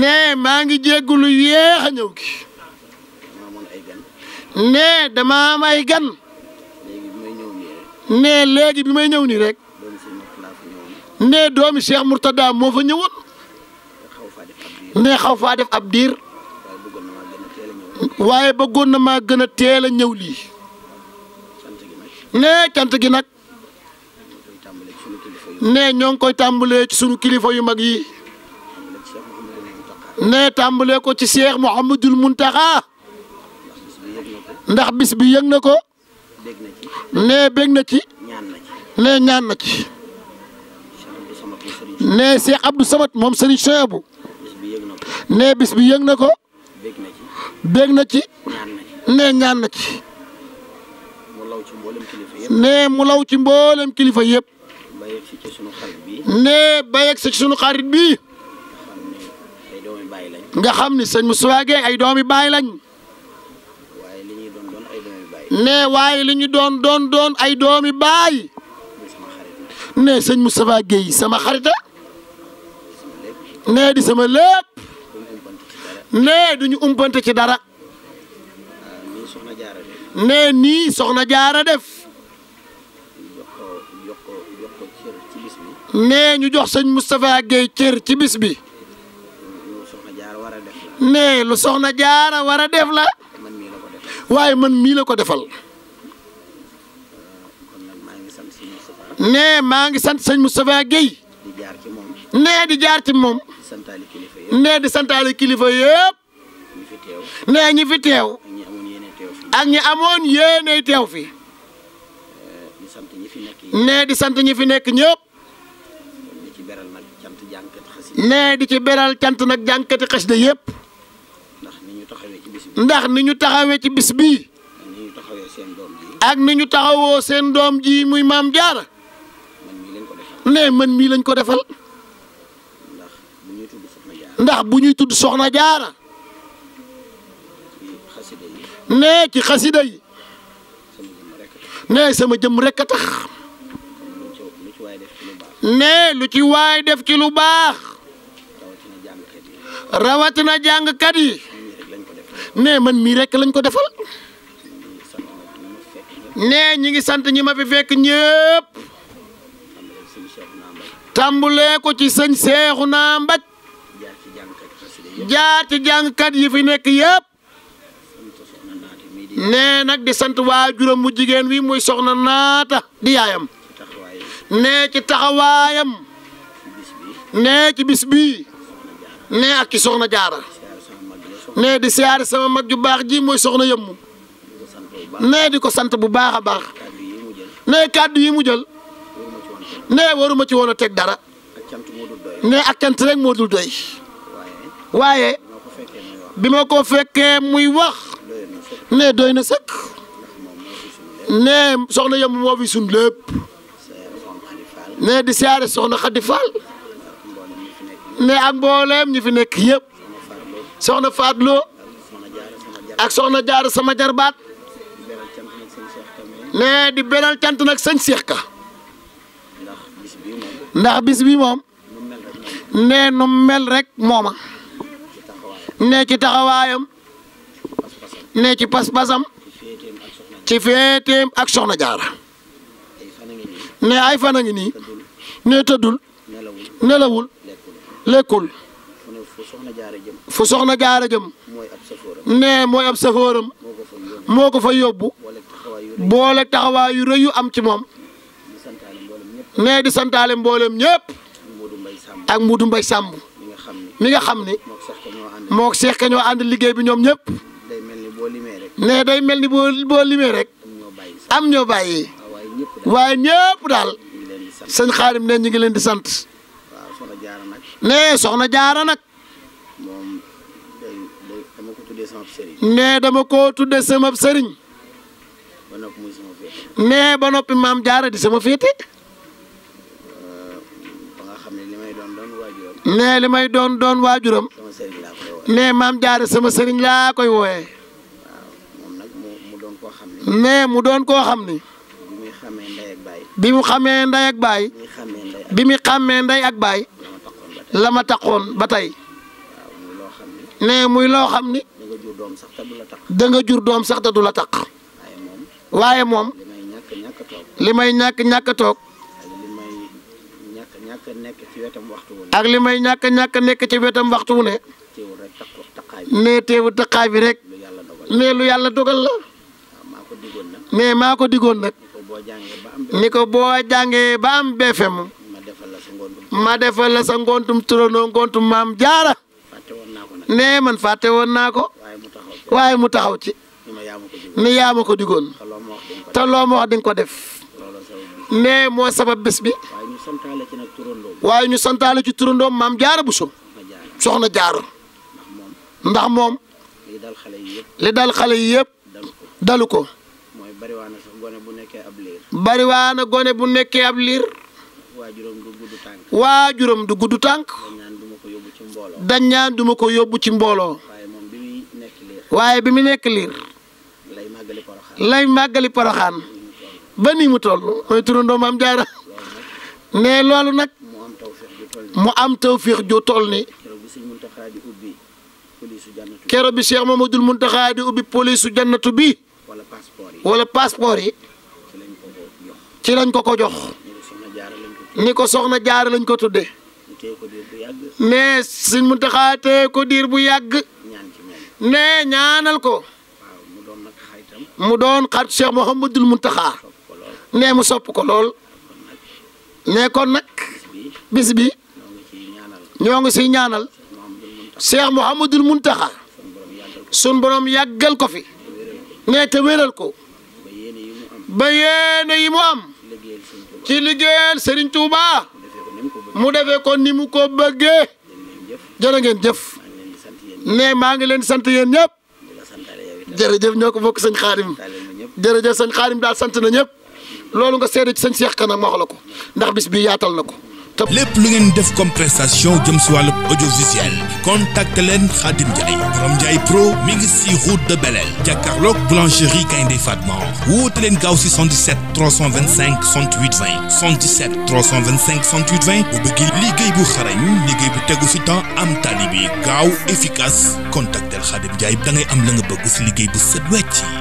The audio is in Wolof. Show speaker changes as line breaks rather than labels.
nee maa ngi jéggulu yéex a ñëw gi nee dama am ay gan nee léegi bi may ñëw nii rek ne doomi Cheikh Mourtada moo fa ñëwoon nee xaw faa def ab diir waaye bëggoon na ma gën a teel a ñëw lii nee cant gi nag ne ñoo ngi koy tàmbalee ci sunu kilifa yu mag yi. ne tàmbalee ko ci Cheikh Mouhamadul Muntaxa ndax bis bi yëg na ko ne bég na ci ne ñaan ci ne Cheikh Abdou Samad moom Serigne Chouaibou ne bis bi yëg na ko bég na ci ne ñaan ci ne mu law ci mboolem kilifa yëpp ne ba yegg sunu xarit bii. nga xam ni sëñ Moustapha Gueye ay doomi baay lañ ne waaye li doon doon doon ay doomi baay ne sëñ Moustapha Gueye sama xarita ne di sama lépp ne duñu umpante ci dara ah, ne nii soxna jaara def ne ñu jox sëñ Moustapha Gueye cër ci bis bi ne lu soxna jaara war a def la waaye man mii la ko defal ne maa ngi sant sëñ Moustapha Guèye ne di jaar ci moom ne di santaale kilifa yëpp ne ñi fi teew ak ñi amoon yéenay teew fi ne di sant ñi fi nekk ñëpp ne di ci beral cant nag jànkati xasida yëpp ndax ni ñu taxawee ci bis bii ak ni ñu taxawoo seen doom ji muy maam jaara ne man mii lañ ko defal ndax bu ñuy tudd soxna jaara ne ci xasida yi ne sama jëm rekk a tax ne lu ci waay def ci lu baax rawatina jàngkat yi nee man mii rek lañ ko defal nee ñi ngi sant ñi ma fi fekk ñëpp tàmbulee ko ci sëñ seexu naa mbaj jaar ci jàngkat yi fi nekk yëpp nee nag di sant waa juróom mu jigéen wi mooy soxna naata di yaayam nee ci taxawaayam nee ci bis nee ak ci soxna jaara nee di siyaare sama mag ju baax ji mooy soxna yëmmu nee di ko sant bu baax a baax nee kàddu yi mu jël nee waruma ci woon a teg dara nee ak cant rek moo dul doy waaye bi ma ko fekkee muy wax nee doy na sëkk nee soxna yëmmu moo fi sun lépp nee di siyaare soxna Xadi Faal nee ak mbooleem ñi fi nekk yëpp. soxna Fatou Lo ak soxna Diarra sama jarbaat nee di beral cant nag sëñ Cheikh Ka ndax bis bi moom nee nu mel rek mooma nee ci taxawaayam nee ci pas-pasam ci féeteem ak soxna Diarra nee ay fan a ngi nii nee tëddul nelawul lekkul. fu soxna jaara jëm. fu soxna jaara jëm. mooy ab safooram. nee mooy am safooram. moo ko fa yóbbu. boole taxawaay yu rëy yu am ci moom. nee di santaale mboolem ñëpp. ak Mbuutu Mbay Sàmb. mi nga xam ni. moo seex ka ñoo ànd liggéey bi ñoom ñëpp. nee day mel ni boo boo limee rek. am ñoo bàyyi. waaye ñëpp daal. sëñ Xaadim ne ñu ngi leen di sant. nee soxna jaara nag. dama ko tuddee sama sëriñ. nee dama ko tuddee sama sëriñ. ba noppi nee ba noppi maam jaara di sama féete. ba ne li may doon doon nee li may doon doon waajuram. sama sëriñ laa nee maam jaara sama sëriñ laa koy wooyee. waaw mu doon koo xam nee mu doon koo xam ne. bi mu xamee nday ak baay. bi mu xamee nday ak baay. la ma taxoon ba tey. nee muy loo xam ni. da jur doom sax te du la taq. da jur doom sax la taq. waaye moom. li may ñàkk ñàkk toog. ak li may ñàkk ñàkk nekk ci wetam waxtu wu ne. nee teewu taqaay bi rek. nee lu yàlla dogal la. mais maa ko digoon nag. ni ko boo jàngee ba am BFM. ma defal la sa ngontum turandoo ngontum maam jaara. nee man fàtte woon naa ko waaye mu taxaw ci ni yaa ma ko digoon te loo ma wax di nga ko def nee moo sabab bés bi waaye ñu santaale ci turandoom maam jaara bu so soxna jaaro ndax moom li dal xale yi yëpp dalu ko bariwaana gone bu nekkee ab liir waajuram du gudd tànk. dañ ñaan duma ko yóbbu ci mbooloo waaye bi mu nekk liir lay màggali poroxaan ba nii mu toll mooy turandoo maam jaara ne loolu nag mu am tawfiix ju toll ni kero bi Cheikh Mamadul Muntaxaa di ubbi polisu jannatu bi wala passeport yi ci lañ ko ko jox ni ko soxna jaara lañ ko tudde ne sëñ Muntaxa téye ko bu yàgg. ne ñaanal ko. mu doon xarit mu Mouhamadul Muntaxa. ne mu sopp ko lool. ne kon nag bis bi ñoo ngi siy ñaanal. Cheikh Mouhamadul sun borom yàggal ko fi. ne te wéral ko. ba yéene yi mu am. ci liggéeyal Serigne Touba. mu defee ko ni mu ko bëggee jërë ngeen jëf ne maa ngi leen sant yéen ñëpp jërëjëf ñoo ko bokk sëñ xaarim jërëjëf sëñ xaarim daal sant na ñëpp loolu nga seede ci sëñ Cheikh Kan nag la ko ndax bis bi yaatal na ko top lépp lu ngeen def comme prestation jëm si wàllu audiovisuel contacte leen Khadim Ndiaye borom Ndiaye pro mi ngi si route de Belel jàkkaarloog boulangerie Gaynde Fatma woote leen gaaw si 77 325 68 20 77 325 68 20 bu bëggee liggéey bu xarañ liggéey bu tegu si temps am tali bi gaaw efficace contactel Khadim Ndiaye da ngay am la nga bëgg si liggéey bu set wecc